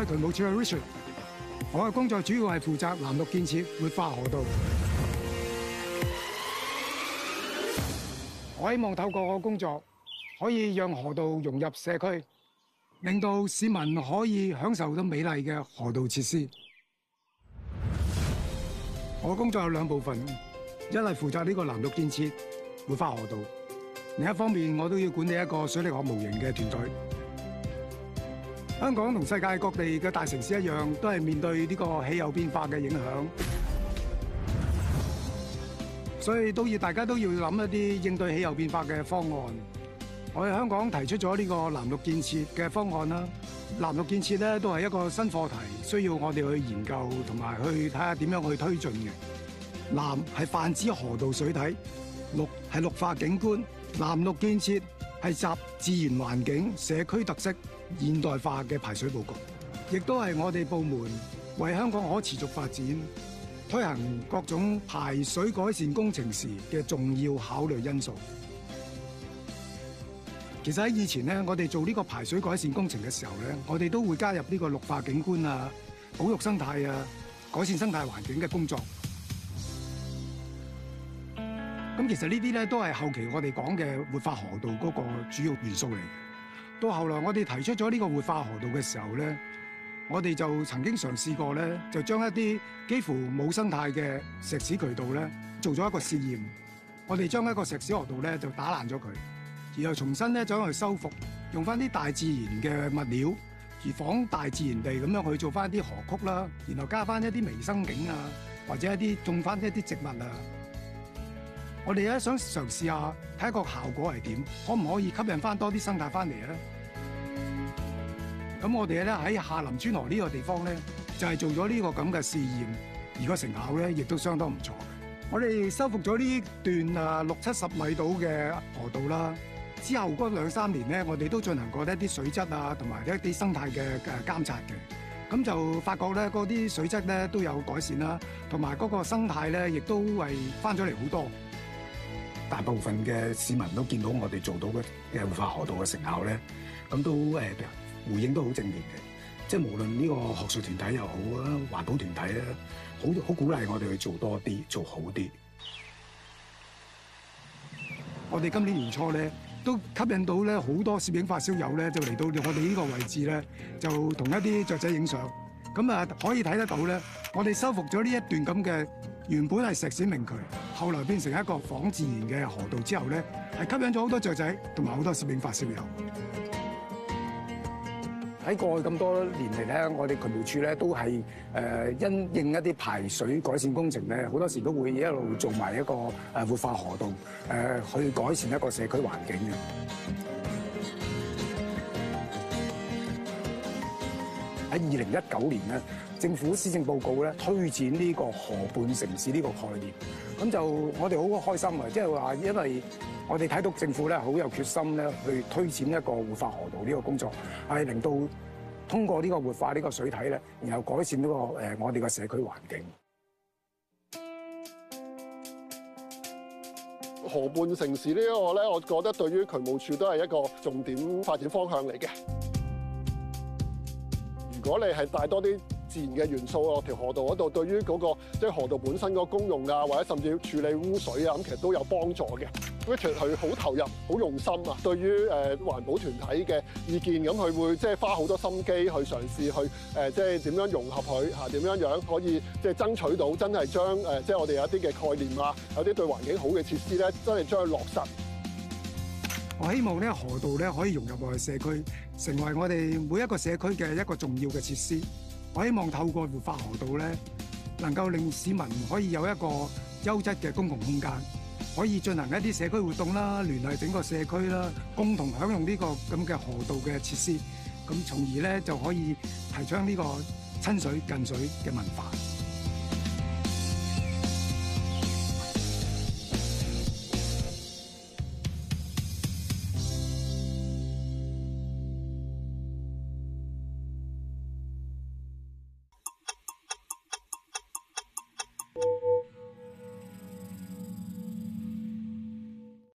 我係渠務署嘅 Richard，我嘅工作主要係負責藍綠建設活化河道。我希望透過我工作，可以讓河道融入社區，令到市民可以享受到美麗嘅河道設施。我嘅工作有兩部分，一係負責呢個藍綠建設活化河道，另一方面我都要管理一個水力學模型嘅團隊。香港同世界各地嘅大城市一樣，都係面對呢個氣候變化嘅影響。所以都要大家都要諗一啲應對氣候變化嘅方案。我哋香港提出咗呢個藍綠建設嘅方案啦，藍綠建設咧，都係一個新課題，需要我哋去研究同埋去睇下點樣去推進嘅。藍係泛指河道水體，綠係綠化景觀，藍綠建設。係集自然環境、社區特色、現代化嘅排水布局，亦都係我哋部門為香港可持續發展推行各種排水改善工程時嘅重要考慮因素。其實喺以前咧，我哋做呢個排水改善工程嘅時候咧，我哋都會加入呢個綠化景觀啊、保育生態啊、改善生態環境嘅工作。咁其實呢啲咧都係後期我哋講嘅活化河道嗰個主要元素嚟。到後來我哋提出咗呢個活化河道嘅時候咧，我哋就曾經嘗試過咧，就將一啲幾乎冇生態嘅石屎渠道咧，做咗一個試驗，我哋將一個石屎河道咧就打爛咗佢，然後重新咧將去修復，用翻啲大自然嘅物料，而仿大自然地咁樣去做翻啲河曲啦，然後加翻一啲微生景啊，或者一啲種翻一啲植物啊。我哋咧想嘗試下睇個效果係點，可唔可以吸引翻多啲生態翻嚟咧？咁我哋咧喺下林村河呢個地方咧，就係做咗呢個咁嘅試驗，而個成效咧亦都相當唔錯嘅。我哋修復咗呢段啊六七十米度嘅河道啦，之後嗰兩三年咧，我哋都進行過一啲水質啊同埋一啲生態嘅誒監察嘅。咁就發覺咧，嗰啲水質咧都有改善啦，同埋嗰個生態咧亦都係翻咗嚟好多。大部分嘅市民都見到我哋做到嘅活化河道嘅成效咧，咁都誒回應都好正面嘅，即係無論呢個學術團體又好啦，環保團體啦，好好鼓勵我哋去做多啲，做好啲。我哋今年年初咧，都吸引到咧好多攝影發燒友咧，就嚟到我哋呢個位置咧，就同一啲雀仔影相。咁啊，可以睇得到咧，我哋修復咗呢一段咁嘅。原本係石屎明渠，後來變成一個仿自然嘅河道之後咧，係吸引咗好多雀仔同埋好多攝影發燒友。喺過去咁多年嚟咧，我哋渠務署咧都係誒因應一啲排水改善工程咧，好多時都會一路做埋一個誒活化河道誒，去改善一個社區環境嘅。二零一九年咧，政府施政報告咧推展呢個河畔城市呢個概念，咁就我哋好開心啊！即係話，因為我哋睇到政府咧好有決心咧，去推展一個活化河道呢個工作，係令到通過呢個活化呢個水體咧，然後改善呢、呢個誒、呃、我哋個社區環境。河畔城市呢個咧，我覺得對於渠務署都係一個重點發展方向嚟嘅。如果你係帶多啲自然嘅元素落條河道嗰度，對於嗰、那個即係、就是、河道本身嗰個功用啊，或者甚至處理污水啊，咁其實都有幫助嘅。which 佢好投入、好用心啊，對於誒環保團體嘅意見，咁佢會即係花好多心機去嘗試去誒，即係點樣融合佢吓，點樣樣可以即係爭取到真係將誒，即係我哋有一啲嘅概念啊，有啲對環境好嘅設施咧，真係將佢落實。我希望咧河道咧可以融入我哋社區，成為我哋每一個社區嘅一個重要嘅設施。我希望透過活化河道咧，能夠令市民可以有一個優質嘅公共空間，可以進行一啲社區活動啦，聯繫整個社區啦，共同享用呢個咁嘅河道嘅設施，咁從而咧就可以提倡呢個親水近水嘅文化。